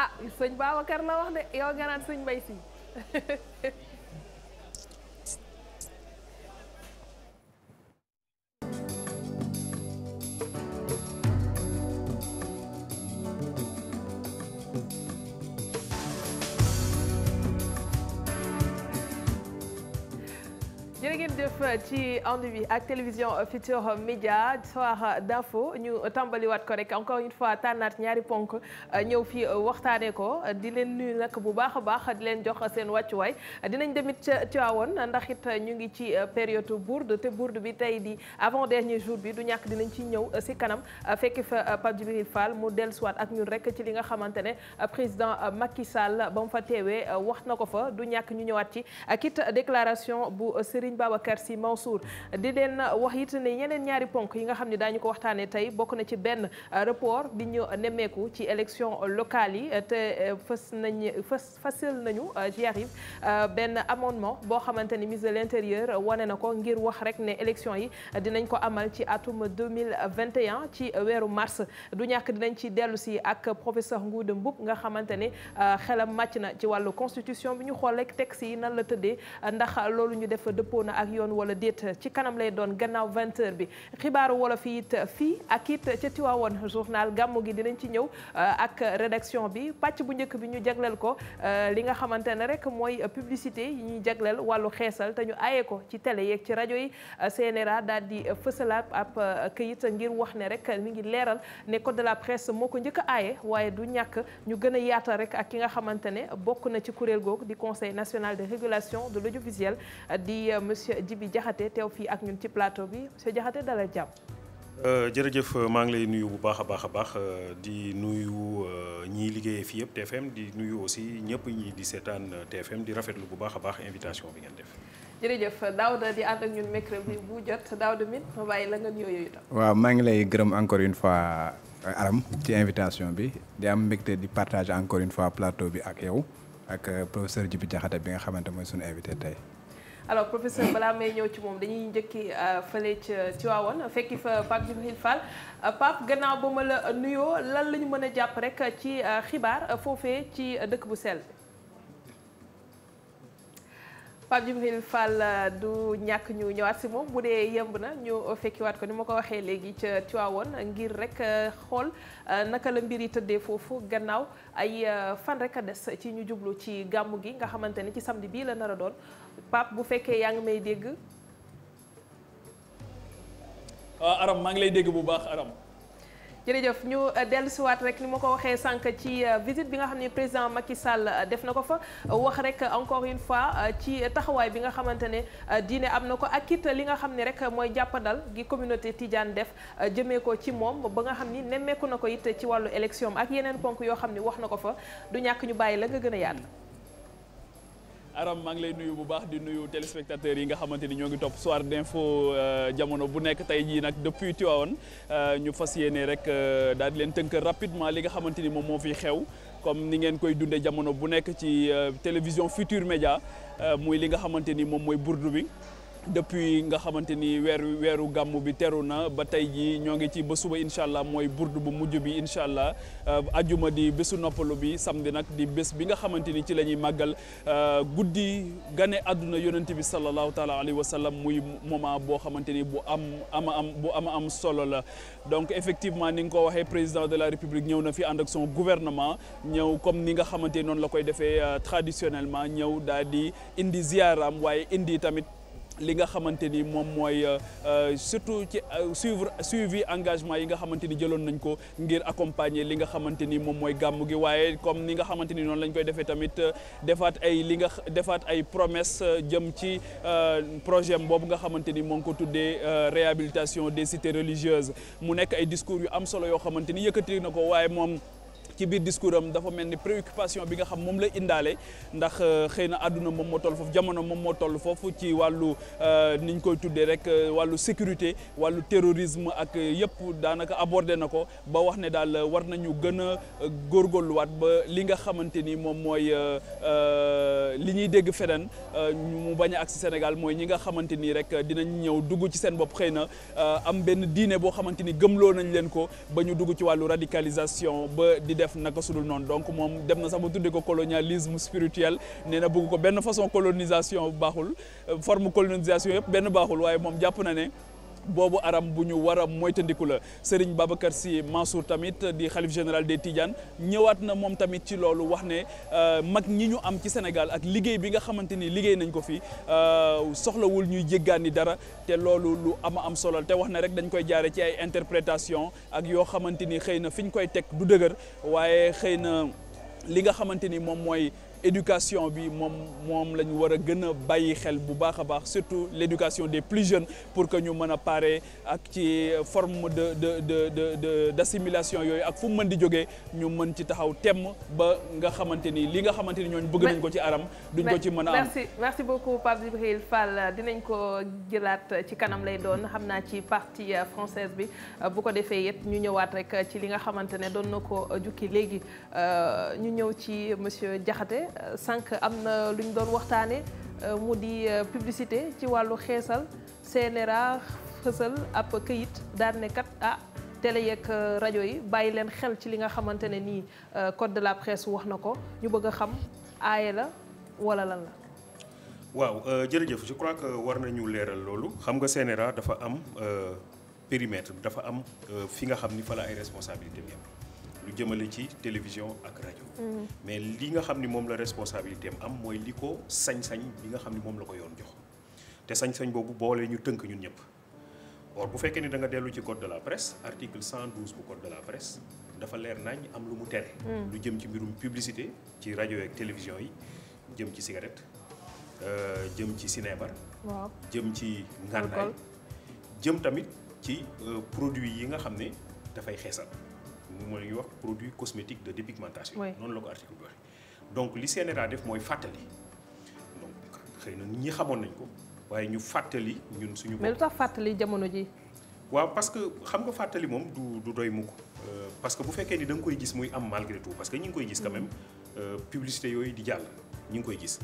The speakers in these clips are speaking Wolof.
ah sëñ Babacar la wax de yow nga naan sëñ Mbaye si ci ànd bi ak télévision Futurs Médias soir d'info ñu tàmbaliwaat ko rek encore une fois tànnaat ñaari ponk euh, ñëw fii euh, waxtaanee ko di leen nuyu nakk bu baax a baax di leen jox seen wàccuwaay dinañ demit ca Tiwaawoon ndax it ñu ngi ci euh, période bourde te bourde bi tey di avant dernier jour bi du ñàkk dinañ ci ñëw si kanam fekk fa Pape Djibril Fall mu dellusiwaat ak ñun rek ci li nga xamante ne président Macky Sall ba mu fa teewee wax na ko fa du ñàkk ñu ñëwaat ci ak it déclaration bu Serigne merci Mansour di leen wax it ne yeneen ñaari ponk yi nga xam ne daañu ko waxtaanee tey bokk na ci benn rapport bi ñu nemmeeku ci élection locale yi te euh, fas nañ fës fasal nañu j'y euh, arrive euh, benn amendement boo xamante ni ministre de l'intérieur wane na ko ngir wax rek ne élection yi dinañ ko amal ci atum 2021 ci weeru mars du ñàkk dinañ ci dellu si ak professeur Ngouda Mboup nga xamante ne xelam màcc na ci wàllu constitution bi ñu xool rek texte yi nan la tëddee ndax loolu ñu def dëppoo na ak yoon wala déet ci kanam lay doon gannaaw 20h bi xibaaru wolof yi it fii ak it ca Tiwaawoon journal gàmmu gi dinañ ci ñëw euh, ak rédaction bi pàcc bu njëkk bi ñu jagleel ko euh, li nga xamante ne rek mooy publicité yi ñuy jagleel wàllu xeesal te ñu aye ko ci télé yeeg ci rajo yi CNRA daal di fësalaat ab euh, këyit ngir wax ne rek mi ngi leeral ne code de la presse moo ko njëkk a aaye waaye du ñàkk ñu gën a yaatal rek ak ki nga xamante ne bokk na ci kuréel googu di conseil national de Seydi te teew ak ñun ci plateau bi monsieur Diakhaté dalal jàmm. Euh, jërëjëf maa ngi lay nuyu bu baax a baax a baax euh, di nuyu euh, ñiy liggéeye fii yëpp TFM di nuyu aussi ñëpp ñi di seetaan TFM di rafetlu bu baax a baax invitation bi ngeen def. jërëjëf Daouda di ànd ak ñun mercredi bu jot Daouda mit ma bàyyi la nga nuyoo yooyu tam. waaw maa ngi lay gërëm encore une fois Aram ci invitation bi di am mbégte di partage encore une fois plateau bi ak yow ak professeur Djibi Diakhaté bi nga xamante mooy suñu invité tey. alors professeur balaa may ñëw ci moom dañuy njëkki euh, fële ci Tiwaawan fekki fa Pape Djibril Fall euh, Pape gannaaw ba ma la nuyoo lan la ñu mën a jàpp rek ci euh, xibaar foofee ci dëkk bu sell. Pape Djibril Fall euh, du ñàkk ñu ñëwaat si moom bu dee yemb na ñu fekkiwaat ko ni ma ko waxee léegi ca Tiwaawoon ngir rek euh, xool euh, naka la mbir yi tëddee foofu gannaaw ay fan rek a des ci ñu jublu ci gàmmu gi nga xamante ni ci samedi bii la nar a doon Pape bu fekkee yaa ngi may dégg. Ah, Aram maa ngi lay dégg bu baax Aram. jërëjëf ñu euh, dellu siwaat rek ni ma ko waxee sànq ci euh, visite bi nga xam ne président Macky Sall euh, def na ko fa wax rek encore une fois ci taxawaay bi nga xamante ne diine am na ko ak it li nga xam ne rek mooy jàppandal gi communauté Tidiane def jëmee ko ci moom ba nga xam ni nemmeeku na ko it ci wàllu élection ak yeneen ponk yoo xam ne wax na ko fa du ñàkk ñu bàyyi la nga gën a yaatu Aram maa ngi lay nuyu bu baax di nuyu téléspectateurs yi nga xamante ni ñoo ngi topp soir d'info euh, jamono bu nekk tey jii nag depuis Tivaouane euh, ñu fas yéene rek euh, daal di leen tënk rapidement li nga xamante ni moom moo fi xew comme ni ngeen koy dundee jamono bu nekk ci télévision Futur Média muy li nga xamante ni moom mooy burdu bi. depuis nga xamante ni weeru weeru gàmmu bi teru na ba tey jii ñoo ngi ci ba suba incha allah mooy burdu bu mujj bi incha allah euh, ajuma di bésu noppalu bi samedi nag di bés bi nga xamante ni ci la ñuy màggal euh, guddi gane àdduna yonent bi sallallahu taala alayhi wa sallam muy moment boo xamante ni bu am ama am bu ama am solo la donc effectivement ni nga ko waxee président de la république ñëw na fi ànd ak son gouvernement ñëw comme ni nga xamante noonu la koy defee euh, traditionnellement ñëw daal di indi ziaram waaye indi tamit li nga xamante ni moom mooy euh, euh, surtout ci euh, suivre suivi engagement yi nga xamante ni jëloon nañ ko ngir accompagner li nga xamante ni moom mooy gàmmu gi waaye comme ni nga xamante ni noonu lañ koy defee tamit defaat ay li nga defaat ay promesse jëm ci projet boobu nga xamante ni moo ngi ko tuddee réhabilitation des cités religieuses mu nekk ay discours yu am solo yoo xamante ni yëkkati na ko waaye moom. ci biir discours am dafa mel ni préoccupation bi nga xam moom la indaale ndax euh, xëy na àdduna moom moo toll foofu jamono moom moo toll foofu ci wàllu euh, ni ñu koy tuddee rek euh, wàllu sécurité wàllu terrorisme ak yëpp daanaka abordé na ko ba wax ne daal war nañu gën a góorgóorluwaat ba li nga xamante ni moom mooy li ñuy dégg feneen mu bañ a Sénégal mooy ñi nga xamante ni rek dinañ ñëw dugg ci seen bopp xëy na am benn diine boo xamante ni gëmloo nañ leen ko ba ñu dugg ci wàllu radicalisation ba di def naka sudul noonu donc moom dem na sax ba tuddee ko colonialisme spirituel nee na bëgg ko benn façon colonisation baaxul forme colonisation yëpp benn baaxul waaye moom jàpp na ne boobu aram bu ñu war a moytandiku la Serigne Babacar Sy Mansour tamit di xalif général de Tidianes ñëwaat na moom tamit ci loolu wax ne euh, mag ñi ñu am ci Sénégal ak liggéey bi nga xamante ni liggéey nañ ko fi euh, soxlawul ñuy jéggaani dara te loolu lu ama am solo te wax ne rek dañ koy jaare ci ay interprétation ak yoo xamante ni xëy na fi ñu koy teg du dëgër waaye xëy na li nga xamante ni moom mooy éducation bi moom moom la ñu war a gën a bàyyi xel bu baax a baax surtout l' éducation des plus jeunes pour que ñu mën a pare ak ci forme de de de de d' assimilation yooyu ak fu mu mën di jógee ñu mën ci taxaw temm ba nga xamante ni li nga xamante ni ñooñu bëgg nañ ko ci aram duñ ko ci mën a am merci merci beaucoup Pape dinañ ko jëlaat ci kanam lay doon xam naa ci parti française bi bu ko defee it ñu ñëwaat rek ci li nga xamante ne doon na ko jukki léegi euh, ñu ñëw ci monsieur Diakhaté Euh, sànq am na lu ñu doon waxtaane euh, mu di euh, publicité ci wàllu xeesal CNRA xësal ab këyit daan ne ah télé yeeg rajo yi bàyyi leen xel ci li nga xamante ne nii code de la presse wax na ko ñu bëgg a xam aaye la wala lan la. waaw jërëjëf je crois que war nañu leeral loolu xam nga CNRA dafa am périmètre bi dafa am fi nga xam ni fa la ay responsabilité bi am lu jëmale ci télévision ak rajo. mais li nga xam ni moom la responsabilité am mooy li ko sañ-sañ bi nga xam ni moom la ko yoon jox te sañ-sañ boobu boolee ñu tënk ñun ñëpp or bu fekkee ni da nga dellu ci code de la presse article 112 bu code de la presse dafa leer nañ am lu mu tere. Mm. lu jëm ci mbirum publicité ci rajo ak télévision yi jëm ci cigarette euh, jëm ci cinéma. waaw jëm ci ngànnaay jëm tamit ci euh, produit yi nga xam ne dafay xeesal. moom mu ñu wax produit cosmétique de dépigmentation. noonu la ko article bi waxee. donc li CNRA def mooy fàttali donc xëy na ñi xamoon nañ ko waaye ñu fàttali ñun suñu. bopp mais lu tax fàttali jamono ji. waaw parce que xam nga fàttali moom du du doy mukk euh, parce que bu fekkee ni da nga koy gis muy am malgré tout parce que ñu ngi koy gis quand même mm-hmm. euh, publicité yooyu di jàll ñu ngi koy gis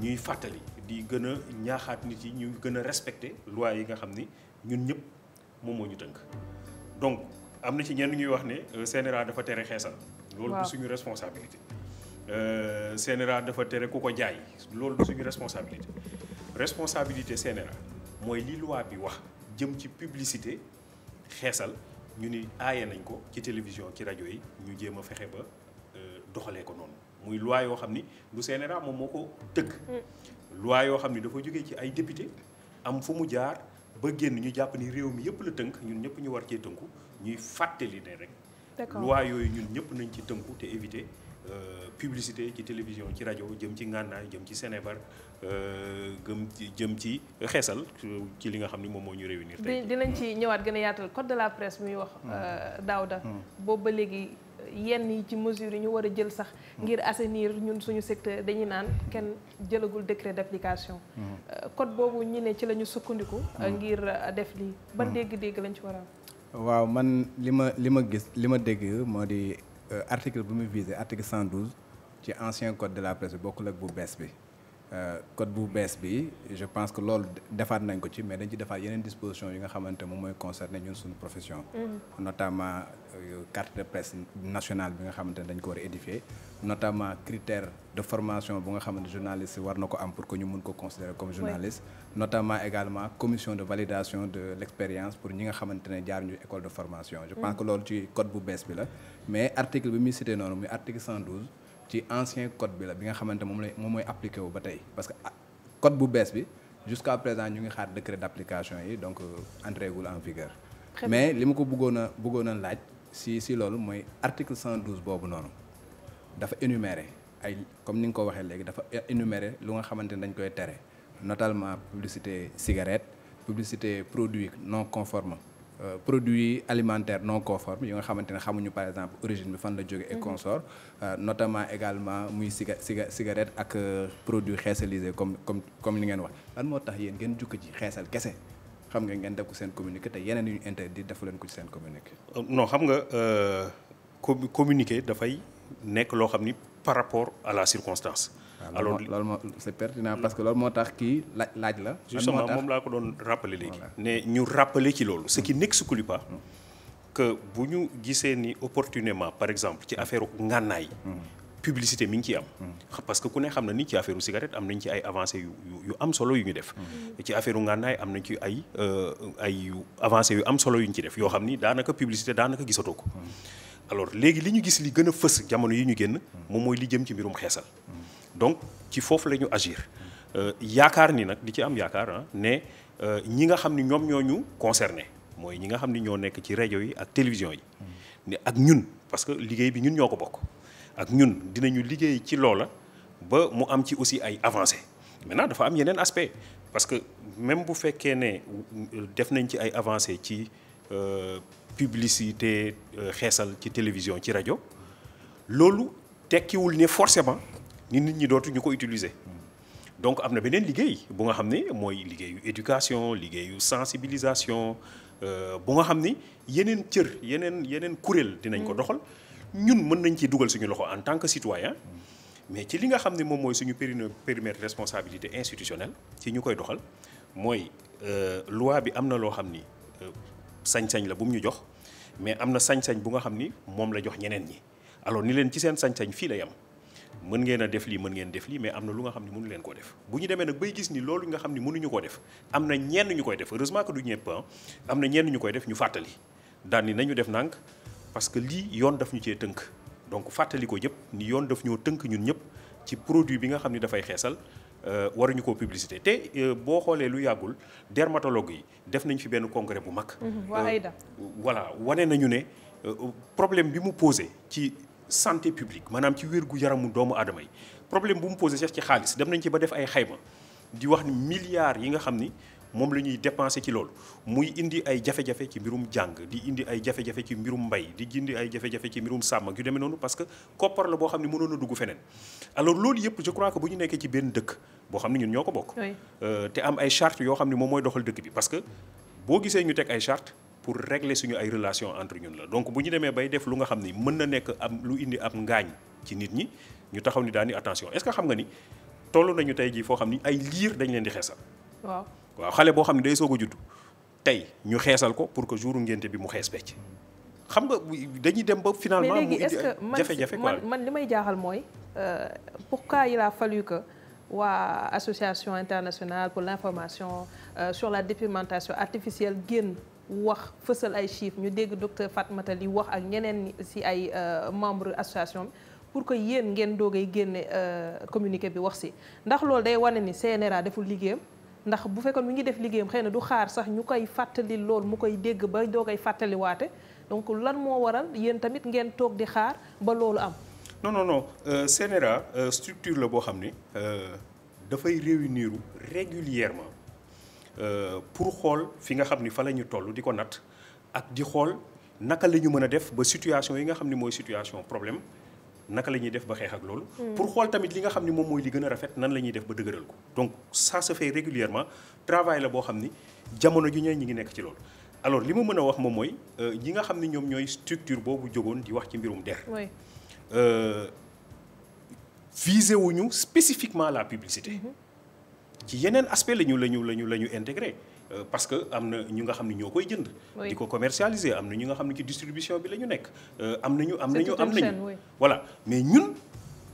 ñuy fàttali di gën a ñaaxaat nit yi ñu gën a respecter loi yi nga xam ni ñun ñëpp moom moo ñu tënk donc. am na ci ñenn ñuy wax ne euh, CNRA dafa tere xeesal. loolu suñu responsabilité. Euh, CNRA dafa tere ku ko jaay loolu du responsabilité responsabilité mooy li loi bi wax jëm ci publicité xeesal ñu ni aaye nañ ko ci télévision ci rajo yi ñu jéem a fexe ba euh, doxalee ko noonu muy loi yoo xam ni lu CNRA moom moo ko tëgg. Mm. loi yoo xam ni dafa jógee ci ay député am fu mu jaar ba génn ñu jàpp ni réew mi yëpp la tënk ñun ñëpp ñu war cee tënku. ñuy fàttali ne rek. d'accord loi yooyu ñun ñëpp nañ ci tënku te éviter euh, publicité ci télévision ci rajo jëm ci ngànnaay jëm ci Sénébar euh, gëm ci jëm ci xeesal ci li nga xam ni moom moo ñu réunir. dinañ ci ñëwaat gën a yaatal code de la presse muy wax. daaw mm. euh, da mm. boobu ba léegi. yenn yi ci mesures yi ñu war a jël sax mm. ngir assainir ñun suñu secteur dañuy naan kenn jëlagul décret d'application code boobu ñu ne ci la ñu sukkandiku ngir def lii ba dégg-dégg lañ ci war waaw man li ma li ma gis li ma dégg moo di euh, article bu muy visé article 112 ci ancien code de la presse bi bokkul ak bu bees bi euh, code bu bees bi je pense que loolu defaat nañ ko ci mais dañ ci defaat yeneen disposition yi nga xamante moom mooy concerné ñun suñu profession mm-hmm. notamment Euh, carte de presse nationale bi nga xamante ne dañ ko war a édifier notamment critère de formation bu nga xamante journaliste war na ko am pour que ñu mun ko considérer comme journaliste notamment également commission de validation de l'expérience pour ñi nga xamante ne jaar ñu école de formation je pense mm. que loolu ci code bu bees bi la mais article bi muy cité muy article ci ancien code bi la bi nga xamante moom lay moom mooy appliqué wu ba tey parce que ah, code bu bees bi jusqu'à ñu ngi xaar décret d'application yi donc euh, entrégul en mais li ma ko bëggoon a bëggoon a laaj si si loolu mooy article 112 boobu noonu dafa énuméré ay comme ni nga ko waxee léegi dafa énuméré lu nga xamante ne dañ koy tere notalement publicité cigarette publicité produit non conforme euh, produit alimentaire non conforme yi nga xamante ne xamuñu par exemple origine bi fan la jóge et mhm. consort euh, notamment également muy ciga ciga cigarette ak euh, produit xeesalisé comme comme comme li ngeen wax lan moo tax yéen ngeen jukk ci xeesal kese xam nga ngeen def ko seen communiqué te yeneen yu ñu interdit defu leen ko ci seen communiqué. Euh, non xam nga euh, commu communiqué dafay nekk loo xam ni par rapport à la circonstance. Ah, alors loolu moo c'est pertinent parce que loolu moo tax ki laaj laaj la. justement moom laa ko doon rappeler léegi. ne ñu rappeler ci loolu. ce qui mm. n'exclut pas. Mm. que bu ñu gisee ni opportunément par exemple ci mm. affaire ngànnaay publicité mi ngi ciy am. Hmm. parce que ku ne xam na ni ci affaire cigarette am nañ ci ay avancé yu yu am solo yu ñu def. Hmm. ci affaire ngànnaay am nañ ci ay euh, ay yu avancé yu am solo yu ñu ci def yoo xam ni daanaka publicité daanaka gisatoo ko. Hmm. alors léegi li ñu gis li gën a fës jamono yi ñu génn. moom mooy li jëm ci mbirum xeesal. donc ci foofu la ñu agir. Euh, yaakaar ni nag di ci am yaakaar ah ne euh, ñi nga xam ni ñoom ñoo ñu concerné mooy ñi nga xam ni ñoo nekk ci rajo yi ak télévision yi. ne ak ñun parce que liggéey bi ñun ñoo ko bokk. ak ñun dinañu liggéey ci loola ba mu am ci aussi ay avancées maintenant dafa am yeneen aspect parce que même bu fekkee ne def nañ ci ay avancées ci euh, publicité euh, xeesal ci télévision ci rajo loolu tekkiwul ne forcément ni nit ñi dootuñu ko utiliser. donc am na beneen liggéey bu nga xam ne mooy liggéeyu éducation liggéeyu sensibilisation euh, bu nga xam ni yeneen cër yeneen yeneen kuréel dinañ ko mm. doxal. ñun mën nañ ci dugal suñu loxo en tant que citoyen mais ci li nga xam ne moom mooy suñu périmètre responsabilité institutionnelle ci ñu koy doxal mooy euh, loi bi am na loo xam ni euh, sañ-sañ la bu mu ñu jox mais am na sañ-sañ bu nga xam ni moom la jox ñeneen ñi alors ni leen ci seen sañ fii la yam mën ngeen a def lii mën ngeen def lii mais am na lu nga xam ne mënu leen koo def bu ñu demee nag bay gis ni loolu nga xam ni ne mënuñu koo def am na ñenn ñu koy def heureusement que du ñëpp ah, am na ñenn ñu koy def ñu fàttali daan ni nañu def nànk parce que lii yoon daf ñu cee tënk donc fàttali ko ñëpp ni yoon daf ñoo tënk ñun ñëpp ci produit bi nga xam ni dafay xeesal euh, waruñu ko publicité te euh, boo xoolee lu yàggul dermatologue yi def nañ fi benn congrès bu mag. Mhm, waa euh, Aïda voilà wane nañu ne problème bi mu posé ci santé publique maanaam ci wér gu yaramu doomu aadama yi problème bu mu posé ci xaalis dem nañ ci ba def ay xayma di wax ni milliards yi nga xam ni. moom la ñuy dépensé ci loolu muy indi ay jafe-jafe ci mbirum jàng di indi ay jafe-jafe ci mbirum mbay di indi ay jafe ci mbirum sàmm yu demee noonu parce que koppar la boo xam ne mënoon a dugg feneen alors loolu yëpp je crois que bu ñu nekkee ci benn dëkk boo xam ne ñun ñoo ko bokk euh, te am ay charte yoo xam ne moom mooy doxal dëkk bi parce que boo gisee ñu teg ay charte pour régler suñu ay relation entre ñun la donc bu ñu demee bay def lu nga xam ni mën na nekk am lu indi ab ngaañ ci nit ñi ñu taxaw ni daani attention est-ce que xam nga ni toll nañu tey jii foo xam ni ay liir dañ leen di xeesal waaw waaw xale boo xam ne day soo a judd tey ñu xeesal ko pour que jour u ngénte bi mu xees becc xam nga dañuy dem ba finalement mu indi jafe-jafe quoi man man li may jaaxal mooy euh, pourquoi il yi fallu que waa association internationale pour l'information euh, sur la dépigmentation artificielle génn wax fësal ay chiffres ñu dégg docteur Fatmata li wax ak ñeneen ci ay euh, membre association bi pour que yéen ngeen doogay génne communiqué bi wax si ndax loolu day wane ni CNRA deful liggéeyam ndax bu fekkoon mi ngi def liggéeyam xëy na du xaar sax ñu koy fàttali lool mu koy dégg ba doo koy waate donc lan moo waral yéen tamit ngeen toog di xaar ba loolu am. non non non euh, euh, structure la boo xam ne euh, dafay réunir régulièrement euh, pour xool fi nga xam ni fa la ñu toll di ko natt ak di xool naka la ñu mën a def ba situation yi nga xam ni mooy situation problème. naka la ñuy def ba xeex ak loolu. Hmm. pour xool tamit li nga xam ni moom mooy li gën a rafet nan la def ba dëgëral ko. donc ça se fait régulièrement travail la boo xam ni jamono ju ñëwee ñi ngi nekk ci loolu. alors li ma mën a wax moom mooy euh, ñi nga xam ni ñoom ñooy structure boobu jógoon di wax ci mbirum der. Euh, visé wuñu spécifiquement la publicité. Mm-hmm. ci yeneen aspect la ñu la ñu la ñu la ñu intégré. Euh, parce que am na ñu nga xam ne ñoo koy jënd. di ko commercialiser am na ñu nga xam ne ci distribution bi ñu nekk. Euh, am nañu am nañu am nañu voilà mais ñun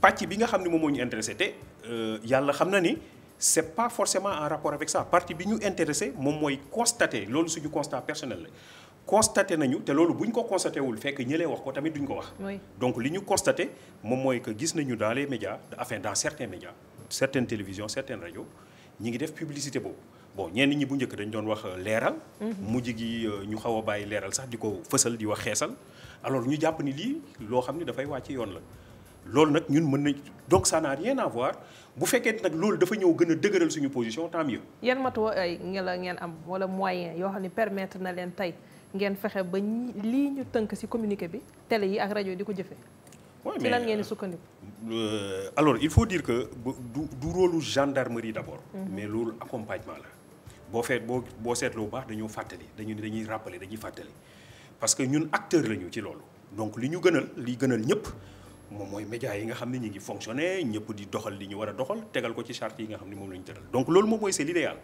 pàcc bi nga xam ne moom moo ñu intéressé te euh, yàlla xam na ni. c'est pas forcément en rapport avec sax partie bi ñu intéressé moom mooy constater loolu suñu constat personnel la constaté nañu te loolu bu ñu ko constaté wul fekk ñëlee wax ko tamit duñ ko wax donc li ñu constaté moom mooy que gis nañu dans les médias enfin dans certains médias certaines télévisions certaines radios ñi ngi def publicité boobu bon ñenn ñi bu njëkk dañ doon wax euh, leeral. Mhm. mujj gi euh, ñu xaw a bàyyi leeral sax di ko fësal di wax xeesal alors ñu jàpp ni lii loo xam ne dafay wàcc yoon la. loolu nag ñun mën nañ donc ça n'a rien à bu fekkee nag loolu dafa ñëw gën a dëgëral suñu position tant mieux. yan matuwa ay ngela ngeen am wala moyen yoo xam ne permettre na leen tey ngeen fexe ba lii ñu tënk ci communiqué bi télé yi ak rajo di ko jëfee. ci lan ngeen di euh, sukkandiku. alors il faut dire que du du rôle gendarmerie d'abord. Mhm. mais loolu accompagnement boo feet boo boo seetloo bu baax dañoo fàttali dañu ne dañuy rappeler dañuy fàttali parce que ñun acteur lañu ci loolu donc li ñu gënal li gënal ñëpp moom mooy média yi nga xam ne ñu ngi fonctionner ñëpp di doxal li ñu war a doxal tegal ko ci charte yi nga xam ne moom la ñu tëral donc loolu moom mooy c'est l'idéal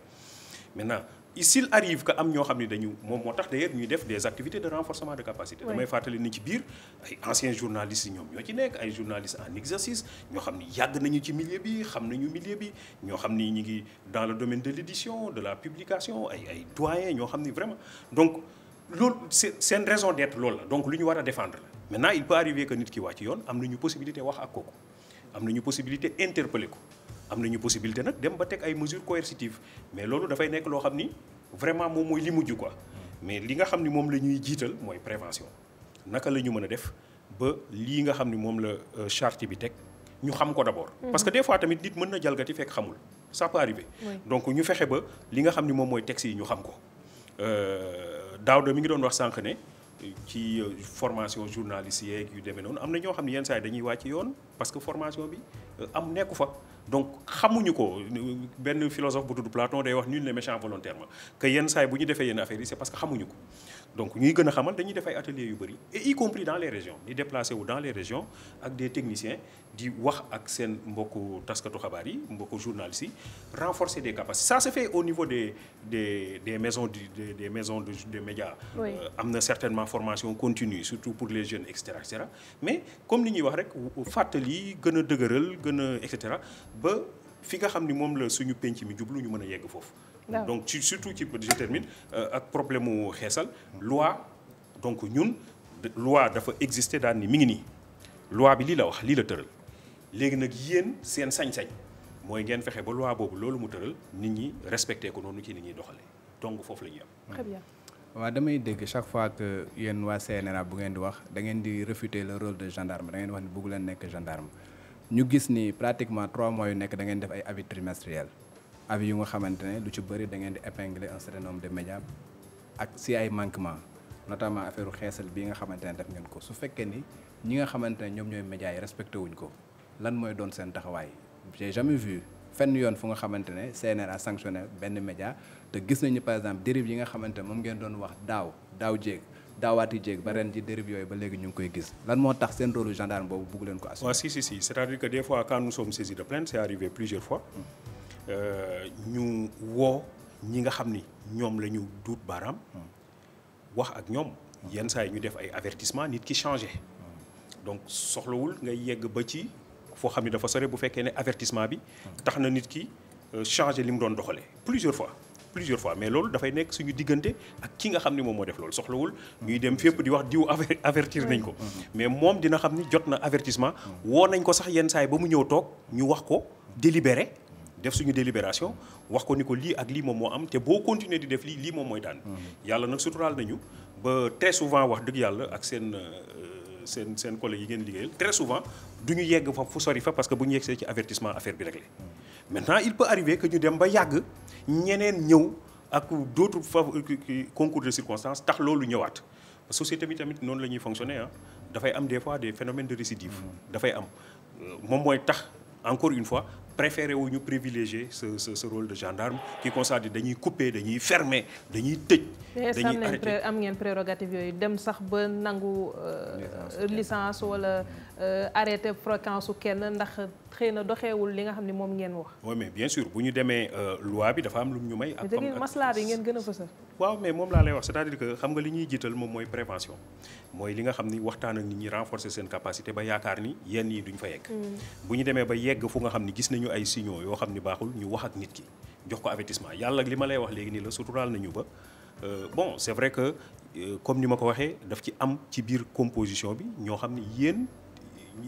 maintenant s'il arrive que am ñoo xam ne dañu moom moo tax d'ailleurs ñuy def des activités de renforcement de capacité damay fàttali ni ci biir ay anciens journalistes ñoom ñoo ci nekk ay journalistes en exercice ñoo xam ni yàgg nañu ci milieu bi xam nañu milieu bi ñoo xam ni ñu ngi dans le domaine de l'édition de la publication ay ay doyens ñoo xam ni vraiment donc loolu seen raison d'être loolu la donc lu ñu war a défendre la maintenant il peut arriver que nit ki wàcc yoon am nañu possibilité wax ak kooku am nañu possibilité interpeller ko am nañu possibilité nag dem ba teg ay mesures coercitives mais loolu dafay nekk loo xam ni vraiment moom mooy li mujj ko mais li nga xam ni moom la ñuy jiital mooy prévention naka la ñu mën a def ba lii nga xam ni moom la euh, charte bi teg ñu xam ko d'abord. Mm-hmm. parce que des fois tamit nit mën na jalgati fekk xamul ça peut arriver. donc ñu fexe ba li nga xam ni moom mooy texte yi ñu xam ko daaw euh, da mi ngi doon wax sànq ne. ci euh, formation journaliste yeeg yu demee noonu am na ñoo xam ne yenn saa yi dañuy wàcc yoon parce que formation bi am nekku fa. donc xamuñu ko benn philosophe bu tudd Platon day wax nul n'est méchant volontairement que yenn saay bu ñu defee yenn affaires yi c'est parce xamuñu ko donc ñuy gën a xamal dañuy defay ay ateliers yu bëri et y compris dans les régions di déplacé wu dans les régions ak des techniciens di wax ak seen mbokku taskatu xabaar yi mbokku journalistes yi renforcer des capacités ça se fait au niveau des des des maisons des des maisons de des médias euh, am na certainement formation continue surtout pour les jeunes et cetera et mais comme li ñuy wax rek fàttali gën a dëgëral gën a et cetera ba fi nga xam ni moom la suñu penc mi jublu ñu mën a yegg foofu donc ci surtout ci je termine euh, ak problème mu xeesal loi donc ñun loi dafa exister daan ni mu ngi nii loi bi lii la wax lii la tëral léegi nag yéen seen sañ-sañ mooy ngeen fexe ba loi boobu loolu mu tëral nit ñi respecté ko noonu ci ni ñuy doxalee donc foofu la ñuy am. très bien. waaw damay dégg chaque fois que yéen waa CNRA bu ngeen di wax da ngeen di réfuter la rôle de gendarme da ngeen wax ni bëgg leen nekk gendarme ñu gis ni pratiquement trois mois yu nekk da ngeen def ay avis avis yu nga xamante ne lu ci bëri da ngeen di épingler un certain nombre de médias ak si ay manquement notamment affaire bi nga xamante ne def ngeen ko su fekkee ni ñi nga xamante ñoom ñooy médias yi respecté wuñ ko lan mooy doon seen taxawaay j'ai jamais vu fenn yoon fu nga xamante ne CNRA sanctionné benn média te gis nañu par exemple dérive yi nga xamante ne moom ngeen doon wax daaw daaw jéeg daawaati jéeg ba ren ji dérive yooyu ba léegi ñu ngi koy gis lan moo tax seen rôle gendarme boobu bugg leen Euh, ñu woo ñi nga xam ni ñoom la ñu duut baaraam wax ak ñoom yenn saa yi ñu def ay avertissement nit ki changé donc soxlawul nga yegg ba ci foo xam ni dafa sore bu fekkee ne avertissement bi tax na nit ki euh, changé li mu doon doxalee plusieurs fois plusieurs fois mais loolu dafay nekk suñu diggante ak ki nga xam ni moom moo def loolu soxlawul ñuy dem fépp di wax diw avertir nañ ko mm-hmm. Mm-hmm. mais moom dina xam ni jot na avertissement mm-hmm. woo nañ ko sax yenn saa yi ba mu ñëw toog ñu wax ko délibéré def suñu délibération wax ko ni ko lii ak lii moom moo am te boo continuer di def lii lii moom mooy daan mm-hmm. yàlla nag suturaal nañu ba très souvent wax dëgg yàlla ak seen euh, seen seen collègue yi ngeen liggéeyal très souvent du ñu yegg fa fu sori fa parce que bu ñu yeggsee ci avertissement affaire bi réglé mm-hmm. maintenant il peut arriver que ñu dem ba yàgg ñeneen ñëw ak d' autres fa euh, concours de circonstances tax loolu ñëwaat société bi tamit noonu la ñuy fonctionner ah am des fois des phénomènes de récidive mm-hmm. dafay am euh, moom mooy tax encore une fois préféré wu ñu privilégier ce ce ce rôle de gendarme qui constate dañuy couper dañuy fermer dañuy tëj. dañuy arrêté am ngeen prérogative yooyu dem sax ba nangu. Euh, licence wala euh, arrêté fréquence u kenn ndax xëy na doxeewul li nga xam ne moom ngeen wax. oui mais bien sûr bu ñu demee euh, loi bi dafa am lu ñu may. ak comme ngeen gën a fësal. waaw mais moom laa lay wax c'est-à-dire que xam nga li ñuy jiital moom mooy prévention mooy li nga xam ni waxtaan ak nit ñi renforcer seen capacité ba yaakaar ni yenn yi duñ fa yegg. Mm. bu ñu demee ba yegg fu nga xam ni gis nañu ay signaux yoo xam ni baaxul ñu wax ak nit ki jox ko avertissement yàlla li ma lay wax léegi nii la suturaal nañu ba Euh, bon c'est vrai que euh, comme ni ma ko waxee daf ci am ci biir composition bi ñoo xam ne yéen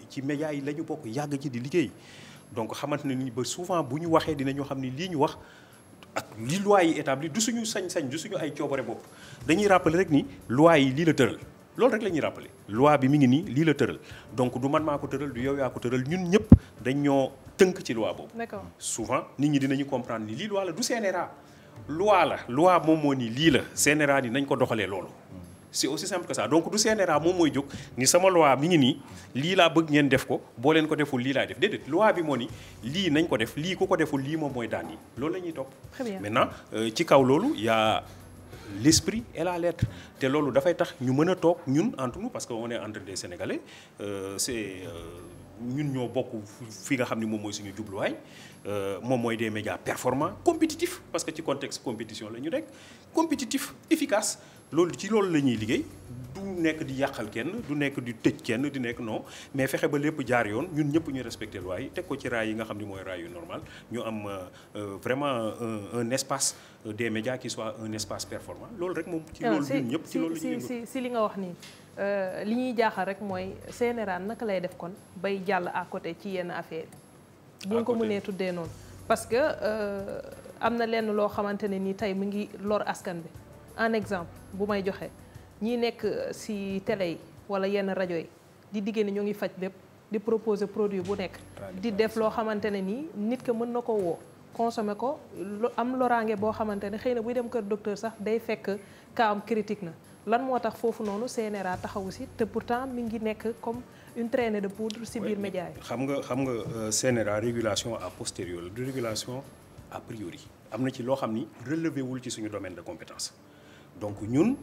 ci médias yi la ñu bokk yàgg ci di liggéey donc xamante ne ni ba souvent bu ñu waxee ñoo xam ni lii ñu wax ak li loi yi établi du suñu sañ-sañ du suñu ay coobare bopp dañuy rappeler rek ni loi yi lii la tëral loolu rek la ñuy rappeler loi bi mi ngi nii lii la tëral donc du man maa ko tëral du yow yaa ko tëral ñun ñëpp ñoo tënk ci loi boobu. d'accord souvent nit ñi dinañu comprendre ni lii du CNRA. loi la loi moom moo ni lii la CNRA ni nañ ko doxalee loolu c'est aussi simple que ça donc du CNRA moom mooy jóg ni sama loi mi ngi nii lii laa bëgg ngeen def ko boo leen ko deful lii laay def déedéet loi bi moo ni lii nañ ko def lii ku ko deful lii moom mooy daan yi loolu la ñuy topp na euh, ci kaw loolu yaa l'esprit et la lettre te loolu dafay tax ñu mën a toog ñun entre nous parce que on est entre des Sénégalais euh, c'est euh, ñun ñoo bokk fi nga xam ni moom mooy suñu jubluwaay euh, moom mooy des médias performants compétitifs parce que ci contexte compétition la ñu nekk compétitif efficace loolu ci loolu la ñuy liggéey du nekk di yàqal kenn du nekk di tëj kenn di nekk non mais fexe ba lépp jaar yoon ñun ñëpp ñu respecté loi yi teg ko ci raay yi nga xam ni mooy raay normal ñu am euh, euh, vraiment un espace des médias qui soit un espace performant loolu rek moom. ci loolu ñun ñëpp ci loolu Euh, li ñuy jaaxal rek mooy CNRA naka lay def kon bay jàll à côté ci yenn affaire bu ñu ko mënee tuddee noonu parce que euh, am na lenn loo xamante ne ni tey mu ngi lor askan bi en exemple bu may joxe ñi nekk euh, si télé wala yenn rajo yi di diggée ñoo ngi faj lépp di proposer produit bu nekk di def loo xamante ne nii nit ki mën na ko woo consommer ko am loraange boo xamante ne xëy na buy dem kër docteur sax day fekk kaam critique na lan moo tax foofu noonu CNRA taxawu si te pourtant mi ngi nekk comme une traînée de poudre si biir média yi. xam nga xam nga euh, CNRA régulation a posteriori du régulation a priori am na ci loo xam ni relevé wul ci suñu domaine de compétence donc ñun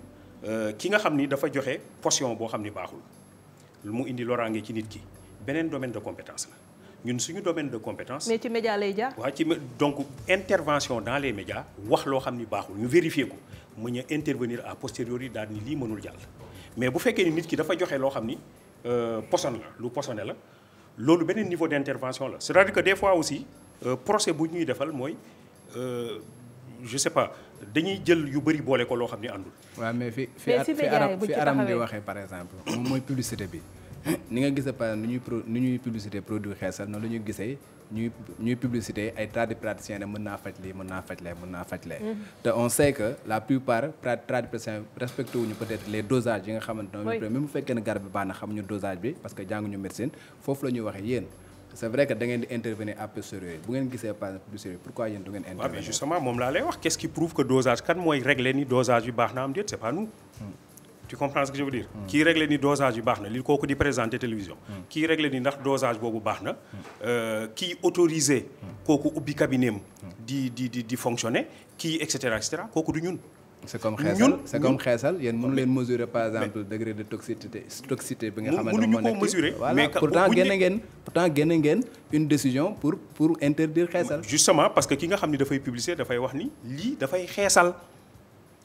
euh, ki nga xam ni dafa joxe potion boo xam ni baaxul mu indi loraange ci nit ki beneen domaine de compétence la ñun suñu domaine de compétence. mais ci média lay jaar. waaw ci donc intervention dans les médias wax loo xam ni baaxul ñu vérifier ko. mu ñu intervenir à posteriori daal ni lii mënul jàll mais bu fekkee ni nit ki dafa joxe loo xam ni euh, poson la lu posone la loolu beneen niveau d'intervention la c'est-à-dire que des fois aussi euh, procès bu ñuy defal mooy euh, je sais pas dañuy jël yu bëri boole ko loo xam ni àndul. waaw mais fi fi fi aram di waxee par exemple moom mooy publicité bi. ni nga gise par exemple nu ñuy pro nu ñuy publicité produit xeesal noonu la ñuy ñuy publicité ay tradipraticiens ne mën naa faj lii mën naa faj lee mën naa faj mm-hmm. yi nga xamante ne. fekkee ne garab bi baax na xamuñu dosage bi parce que jànguñu médecine foofu la waxee yéen. c' est que da ngeen di intervenir après bu ngeen gisee par exemple sérieux pourquoi yéen du ngeen intervenir. justement moom laa lay wax qu' est ce qui prouve que dosage kan mooy réglé ni dosage tu comprends ce que je veux dire. kii réglé ni dosage bi baax na li kooku di présenté télévision. kii réglé ni ndax dosage boobu baax na. Euh, kii autorisé. kooku ubbi cabinet di di di di fonctionner kii et cetera et cetera kooku du ñun. c'est comme xeesal c'est comme xeesal yéen mënu leen mesurer par exemple degré de toxicité toxicité bi nga xamante ne moo nekk mënuñu ko mesurer voilà pourtant génne ngeen pourtant génne ngeen une décision pour pour interdire xeesal. justement parce que ki nga xam ni dafay publicité dafay wax ni lii dafay xeesal.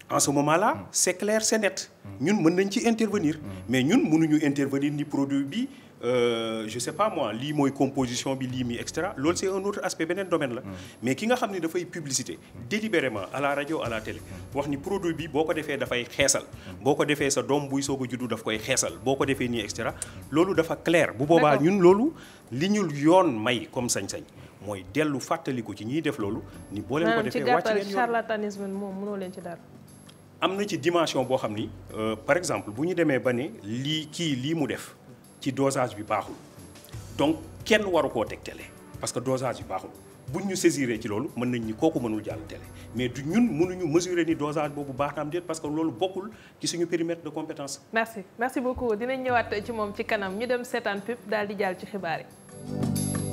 en ce mala là c' est net mm. ñun mën nañ ci intervenir mm. mais ñun munuñu intervenir ni produit bi Euh, je sais pas moi lii mooy composition bi lii mi et loolu c'est un autre aspect beneen domaine la. Mm. mais ki nga xam ne dafay publicité. délibérément à la rajo à la télé. wax ni produit bi boo ko defee dafay xeesal. boo ko defee sa doom buy soog a juddu daf koy xeesal boo ko defee nii et loolu dafa clair. bu boobaa ñun loolu li ñu yoon may comme sañ-sañ. mooy dellu fàttaliku ci ñiy def loolu. ni boo leen ko defee wàcc leen yoon maanaam ci gàttal am na ci dimension boo xam ni euh, par exemple bu ñu demee ba ne lii kii lii mu def ci dosage bi baaxul donc kenn waru koo teg télé parce que dosage bi baaxul bu ñu saisiré ci loolu mën nañ ni kooku mënul jàll télé mais du ñun mënuñu mesurer ni dosage boobu baax na am déet parce que loolu bokkul ci suñu périmètre de compétence. merci merci beaucoup dinañ ñëwaat ci moom ci kanam ñu dem seetaan pub daal di jàll ci xibaar yi.